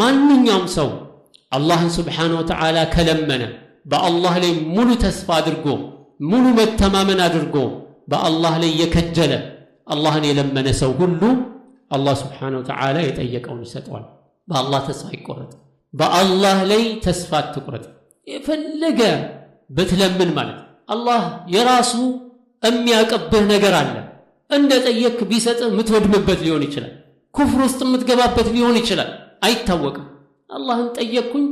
ማንኛውም ሰው አላህን ስብሓነ ወተዓላ ከለመነ በአላህ ላይ ሙሉ ተስፋ አድርጎ ሙሉ መተማመን አድርጎ በአላህ ላይ የከጀለ አላህን የለመነ ሰው ሁሉ አላህ ስብሓነ ወተዓላ የጠየቀውን ይሰጠዋል። በአላህ ተስፋ ይቆረጥ፣ በአላህ ላይ ተስፋ ትቁረጥ የፈለገ ብትለምን ማለት አላህ የራሱ የሚያቀብህ ነገር አለ። እንደ ጠየክ ቢሰጥ የምትወድምበት ሊሆን ይችላል። ኩፍር ውስጥ የምትገባበት ሊሆን ይችላል። አይታወቅም። አላህን ጠየቅኩኝ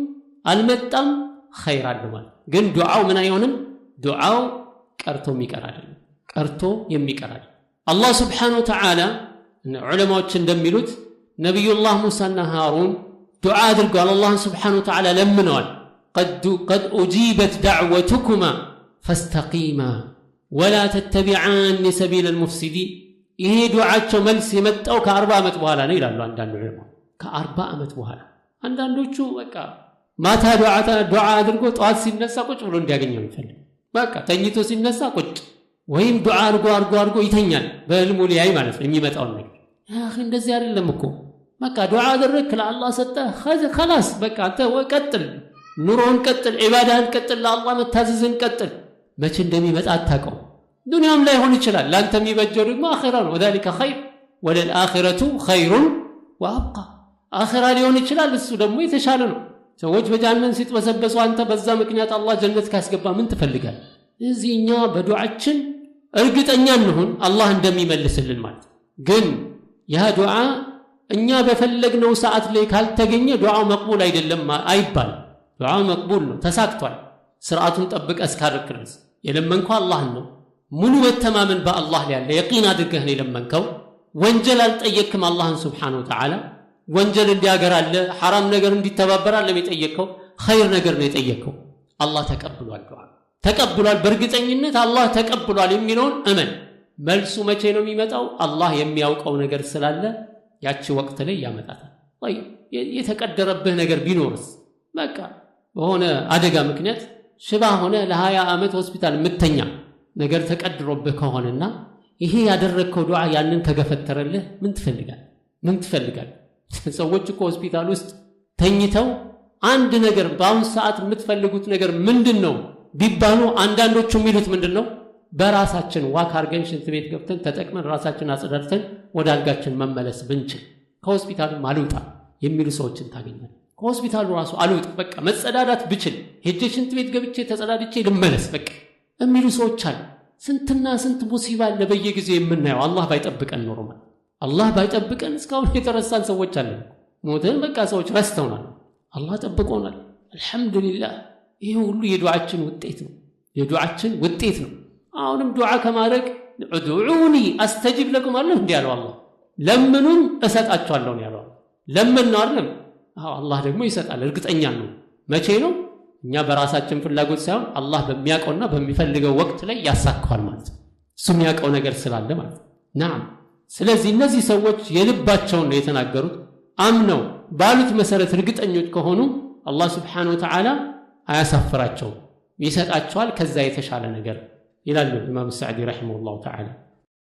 አልመጣም፣ ኸይር አለ ግን ዱዓው ምን አይሆንም? ዱዓው ቀርቶ የሚቀር አይደለም። ቀርቶ የሚቀር አይደለም። አላህ ስብሓነ ወተዓላ ዑለማዎች እንደሚሉት ነቢዩላህ ሙሳና ሃሩን ዱዓ አድርገዋል። አላህን ስብሓነ ወተዓላ ለምነዋል። ቀድ ኡጂበት ዳዕወቱኩማ ፈስተቂማ ወላ ተተቢዓኒ ሰቢለል ሙፍሲዲን። ይሄ ዱዓቸው መልስ የመጣው ከአርባ ዓመት በኋላ ነው ይላሉ አንዳንድ ዑለማዎች ከአርባ ዓመት በኋላ አንዳንዶቹ በቃ ማታ ዱዓ አድርጎ ጠዋት ሲነሳ ቁጭ ብሎ እንዲያገኘው የሚፈልግ በቃ ተኝቶ ሲነሳ ቁጭ ወይም ዱዓ አድርጎ አድርጎ አድርጎ ይተኛል። በህልሙ ሊያይ ማለት ነው የሚመጣውን ነገር። እንደዚህ አይደለም እኮ በቃ ዱዓ አደረግ ለአላ ሰጠ ከላስ በቃ አንተ ቀጥል፣ ኑሮን ቀጥል፣ ዒባዳህን ቀጥል፣ ለአላ መታዘዝን ቀጥል። መቼ እንደሚመጣ አታውቀው። ዱንያም ላይ ሆን ይችላል። ለአንተ የሚበጀው ደግሞ አኼራ ነው። ወዛሊከ ኸይር ወለልአኺረቱ ኸይሩን ወአብቃ አኸራ ሊሆን ይችላል። እሱ ደግሞ የተሻለ ነው። ሰዎች በጀሃነም ሲጥበሰበሱ አንተ በዛ ምክንያት አላህ ጀነት ካስገባ ምን ትፈልጋል? እዚህ እኛ በዱዓችን እርግጠኛ እንሁን አላህ እንደሚመልስልን ማለት ግን ያ ዱዓ እኛ በፈለግነው ሰዓት ላይ ካልተገኘ ዱዓው መቅቡል አይደለም አይባልም። ዱዓው መቅቡል ነው፣ ተሳክቷል። ስርዓቱን ጠብቀ እስካርክ ድረስ የለመንከው አላህን ነው። ሙሉ መተማመን በአላህ ላይ ያለ የቂን አድርገህ የለመንከው። ወንጀል አልጠየቅክም አላህን ስብሓነ ወተዓላ ወንጀል እንዲያገር አለ ሐራም ነገር እንዲተባበር አለም የጠየቀው ኸይር ነገር ነው የጠየቀው አላህ ተቀብሏል ዱዓ ተቀብሏል በእርግጠኝነት አላህ ተቀብሏል የሚለውን እመን መልሱ መቼ ነው የሚመጣው አላህ የሚያውቀው ነገር ስላለ ያቺ ወቅት ላይ ያመጣታል የተቀደረብህ ነገር ቢኖርስ በቃ በሆነ አደጋ ምክንያት ሽባ ሆነ ለሀያ ዓመት ሆስፒታል ምተኛ ነገር ተቀድሮብህ ከሆነና ይሄ ያደረግከው ዱዓ ያንን ተገፈተረልህ ምን ትፈልጋል ምን ትፈልጋል ሰዎች እኮ ሆስፒታል ውስጥ ተኝተው አንድ ነገር በአሁን ሰዓት የምትፈልጉት ነገር ምንድን ነው ቢባሉ አንዳንዶቹ የሚሉት ምንድን ነው በራሳችን ዋክ አርገን ሽንት ቤት ገብተን ተጠቅመን ራሳችን አጽዳድተን ወደ አልጋችን መመለስ ብንችል ከሆስፒታሉም አልውጣ የሚሉ ሰዎችን ታገኛል ከሆስፒታሉ ራሱ አልውጥ በቃ መጸዳዳት ብችል ሄጄ ሽንት ቤት ገብቼ ተጸዳድቼ ልመለስ በቃ የሚሉ ሰዎች አሉ ስንትና ስንት ሙሲባ ለበየጊዜ የምናየው አላህ ባይጠብቀን ኖሮማል አላህ ባይጠብቀን እስካሁን የተረሳን ሰዎች አለ ሞተን በቃ ሰዎች ረስተውናል። አላህ ጠብቆናል። አልሐምዱሊላህ። ይህ ሁሉ የዱዓችን ውጤት ነው። የዱዓችን ውጤት ነው። አሁንም ዱዓ ከማድረግ ዑድዑኒ አስተጅብ ለኩም አለ እንዲ ያለው አላህ ለምኑን እሰጣቸዋለሁ ያለው ለምን ነው አይደለም? አላህ ደግሞ ይሰጣል። እርግጠኛ ነው። መቼ ነው? እኛ በራሳችን ፍላጎት ሳይሆን አላህ በሚያውቀውና በሚፈልገው ወቅት ላይ ያሳካዋል ማለት ነው። እሱ የሚያውቀው ነገር ስላለ ማለት ነው። ናም ስለዚህ እነዚህ ሰዎች የልባቸውን ነው የተናገሩት። አምነው ባሉት መሰረት እርግጠኞች ከሆኑ አላህ ስብሓነ ወተዓላ አያሳፍራቸውም፣ ይሰጣቸዋል ከዛ የተሻለ ነገር ይላሉ ኢማም ሳዕዲ ረሒመሁላሁ ተዓላ።